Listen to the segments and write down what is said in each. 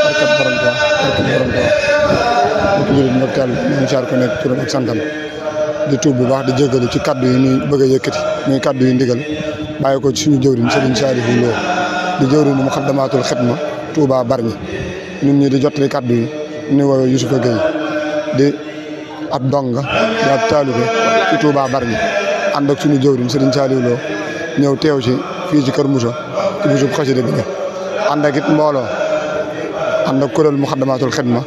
barkat borom Tuubaa barkat borom Tuubaa mbokk jullit di tuub bu baax di jégalu ci kaddu yi ñuy bëgg a yëkkati muy kaddu yi ndigal bàyyi ko ci suñu jëwriñ Serigne Saalihu Lo di jëwriñ mu ma xidma Touba Bargny ñun ñi di jottali kaddu yi ñu woowee Youssoufa Gueye di ab donga di ab taalibe ci Touba Bargny ànd ak suñu jëwriñ Serigne Saalihu Lo ñëw teew ci fii ci Kër Moussa ci bisub xasida bi ak it mbooloo am na kuréel Muxaddamaatul Xidma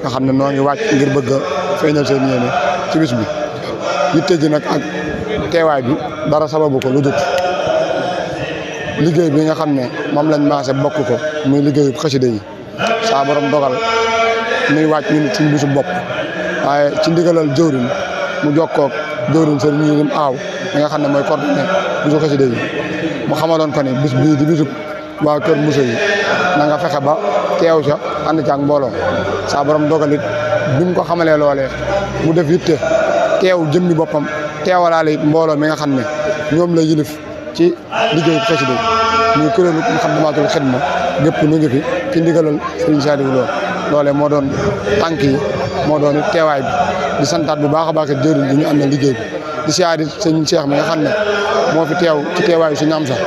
nga xam ne noo ngi wàcc ngir bëgg a feeñal seen yéene ci bis bi yitte ji nag ak teewaay bi dara sababu ko lu dut liggéey bi nga xam ne moom lañ maase bokk ko muy liggéeyu xasida yi saa borom dogal muy wàcc ñun suñ bopp waaye ci ndigalal jëwriñ mu jokkoog jëwriñ sëriñ Yirim Aw nga xam ne mooy coordonné bisu xasida yi mu xamaloon ko ne bis bii di bisu waa kër Moussa yi na nga fexe ba teew ca ànd ca ak mbooloo saa borom dogalit bi mu ko xamalee loolee mu def yitte teew jëmmi boppam teewalaale mbooloo mi nga xam ne ñoom la yilif ci liggéey xasida muy kuréelu Muxaddamaatul Xidma gépp ñu ngi fi ci ndigalal Sëriñ Saaliw loole moo doon tànk yi moo doon teewaay bi di santaat bu baax a baax jëriñ bi am na liggéey bi di siyaari sëñ Cheikh mi nga xam ne moo fi teew ci teewaayu si ñam sax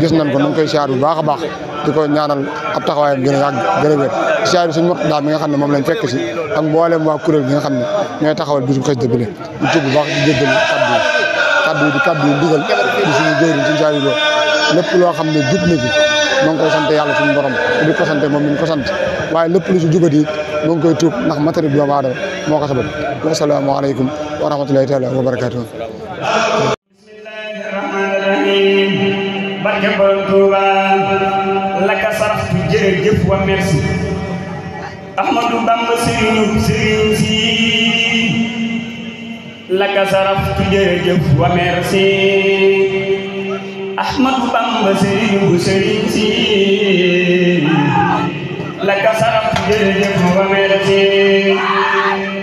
gis nañ ko nu ngi koy siyaar bu baax a baax di ko ñaanal ab taxawaayam gën a yàgg gën a wér siyaar bi suñu mot daal mi nga xam ne moom lañ fekk si ak mboolem waa kuréel bi nga xam ne ñooy taxawal bisu bi la ñu tudd bu baax di jéggal kaddu yi kaddu yi di kaddu yi ndigal di suñu lépp loo xam ne jub na ci ñoo koy sant yàlla suñu borom di ko sant moom ñu ko sant waaye lépp lu si ngi koy tuub ndax matériel bi doomu moo ko sabab asalaamaaleykum wa rahmatulahi taala wa barakaatu barke borom Touba laka saraftu wa merci